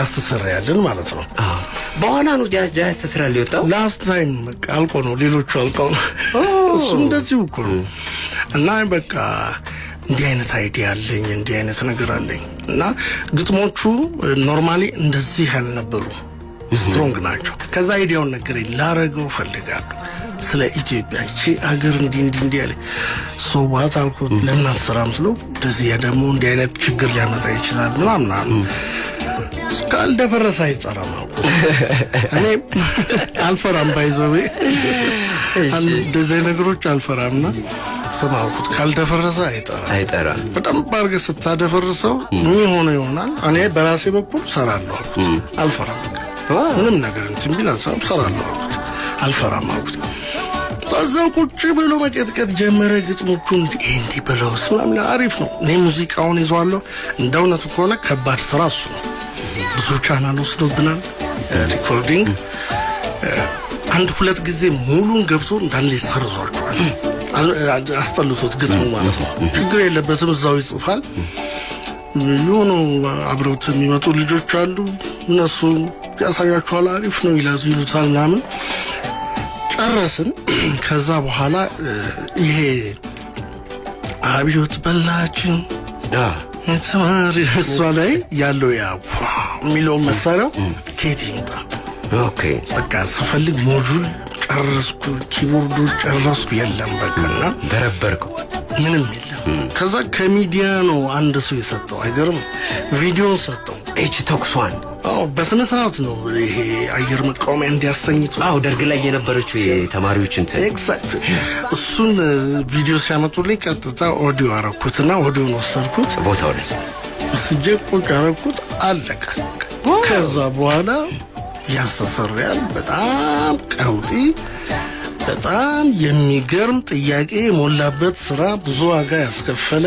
ያስተሰራ ያለን ማለት ነው። በኋላ ነው ያስተስራል የወጣው ላስት ታይም አልቆ ነው ሌሎቹ አልቀው ነው። እሱ እንደዚሁ እኮ ነው። እና በቃ እንዲህ አይነት አይዲያ አለኝ እንዲህ አይነት ነገር አለኝ እና ግጥሞቹ ኖርማሊ እንደዚህ ያልነበሩ ስትሮንግ ናቸው። ከዛ አይዲያውን ነገር ላረገው ፈልጋሉ። ስለ ኢትዮጵያ እቺ አገር እንዲ እንዲ እንዲ ያለ ሶዋት አልኩ ለምን አትሰራም ስለው እንደዚህ ደግሞ እንዲህ አይነት ችግር ሊያመጣ ይችላል ምናምና እስካልደፈረሰ አይጸራም። እኔ አልፈራም፣ ባይዘዌ እንደዚህ ነገሮች አልፈራምና ሰማሁት። ካልደፈረሰ አይጠራም አይጠራም። በጣም ባርገህ ስታደፈርሰው ምን ሆነ ይሆናል። እኔ በራሴ በኩል ሰራለሁ አልኩት። አልፈራም ምንም ነገር እንትን ቢል አልሰራም፣ ሰራለሁ አልኩት። አልፈራም አልኩት። ታዛው ቁጭ ብሎ መቀጥቀጥ ጀመረ። ግጥሞቹ እንዲህ ብለውስ ምናምን አሪፍ ነው። እኔ ሙዚቃውን ይዟለሁ። እንደ እውነቱ ከሆነ ከባድ ስራ እሱ ነው። ብዙ ቻናል ወስዶብናል። ሪኮርዲንግ አንድ ሁለት ጊዜ ሙሉን ገብቶ እንዳለ ይሰርዟቸዋል። አስጠልቶት ግጥሙ ማለት ነው። ችግር የለበትም እዛው ይጽፋል። የሆኑ አብረውት የሚመጡ ልጆች አሉ። እነሱ ያሳያችኋል፣ አሪፍ ነው ይላሉ ይሉታል ምናምን ጨረስን። ከዛ በኋላ ይሄ አብዮት በላችን የተማሪ እሷ ላይ ያለው ያ የሚለውን መሳሪያው ኬት ይምጣ? በቃ ስፈልግ ሞጁል ጨረስኩ፣ ኪቦርዱ ጨረስኩ፣ የለም በቃና እና ምንም የለም። ከዛ ከሚዲያ ነው አንድ ሰው የሰጠው። አይገርም ቪዲዮን ሰጠው። እች ተኩሷን አዎ በስነ ስርዓት ነው ይሄ አየር መቃወሚያ እንዲያሰኝቱ። አዎ ደርግ ላይ የነበረችው የተማሪዎች እንትን ኤግዛክት። እሱን ቪዲዮ ሲያመጡልኝ ቀጥታ ኦዲዮ አረኩትና ኦዲዮን ወሰድኩት ቦታው ላይ ወስጄ ቁጭ ያደረኩት አለቀ። ከዛ በኋላ ያስተሰርያል። በጣም ቀውጢ፣ በጣም የሚገርም ጥያቄ የሞላበት ስራ፣ ብዙ ዋጋ ያስከፈለ።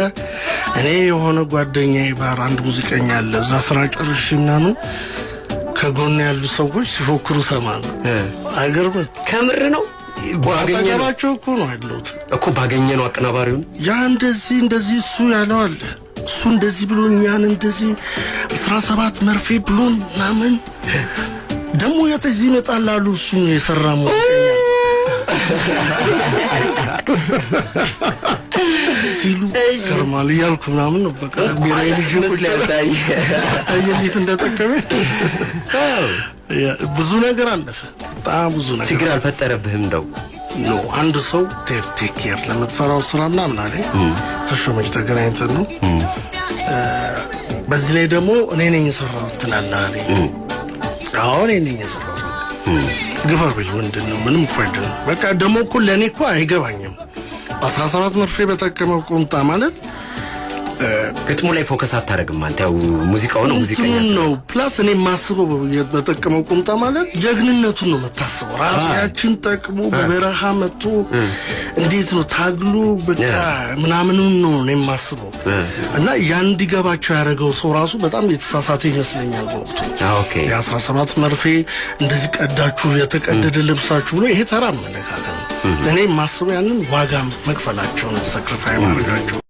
እኔ የሆነ ጓደኛ ባር አንድ ሙዚቀኛ አለ። እዛ ስራ ጨርሼ ምናምን ከጎን ያሉ ሰዎች ሲፎክሩ ሰማሉ። አይገርምም? ከምር ነው ባገኘባቸው እኮ ነው ያለሁት እኮ ባገኘ ነው አቀናባሪውን ያ እንደዚህ እንደዚህ እሱ ያለው አለ እሱ እንደዚህ ብሎ እኛን እንደዚህ አስራ ሰባት መርፌ ብሎን ምናምን ደግሞ የተዚህ ይመጣል አሉ። እሱ የሰራ ሙዚቀኛ ሲሉ ገርማል እያልኩ ምናምን ነው በቃ ቢራ ልጅ እንዴት እንደጠቀመ ብዙ ነገር አለፈ። በጣም ብዙ ነገር ችግር አልፈጠረብህም? እንደው አንድ ሰው ቴክ ኬር ለምትሰራው ስራ ምናምን አለ ተሾመች ተገናኝተን ነው። በዚህ ላይ ደግሞ እኔ ነኝ የሰራው ትላለህ አለኝ። አዎ እኔ ነኝ የሰራሁት። ግፋ በል ምንድን ነው ምንም እኮ አይደለም። በቃ ደግሞ እኮ ለእኔ እኮ አይገባኝም። አስራ ሰባት መርፌ በጠቀመው ቁምጣ ማለት ግጥሙ ላይ ፎከስ አታደርግም አንተ። ያው ሙዚቃው ነው ሙዚቃው ነው። ፕላስ እኔ ማስበው በጠቀመው ቁምጣ ማለት ጀግንነቱን ነው የምታስበው። ራሱያችን ጠቅሞ በበረሃ መጥቶ እንዴት ነው ታግሎ በቃ ምናምኑን ነው እኔ ማስበው እና ያን እንዲገባቸው ያደረገው ሰው ራሱ በጣም የተሳሳተ ይመስለኛል በወቅቱ። የአስራ ሰባት መርፌ እንደዚህ ቀዳችሁ የተቀደደ ልብሳችሁ ብሎ ይሄ ተራ መለካከል እኔ ማስበው ያንን ዋጋ መክፈላቸው ነው ሰክሪፋይ ማድረጋቸው